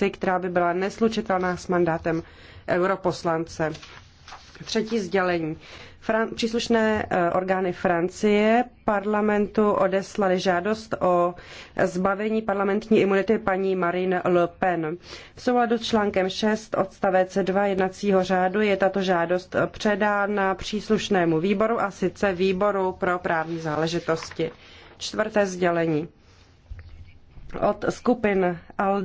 funkci, která by byla neslučitelná s mandátem europoslance. Třetí sdělení. Fran- příslušné eh, orgány Francie parlamentu odeslali žádost o zbavení parlamentní imunity paní Marine Le Pen. V souladu s článkem 6 odstavec 2 jednacího řádu je tato žádost předána příslušnému výboru a sice výboru pro právní záležitosti. Čtvrté sdělení. Od skupin ALDE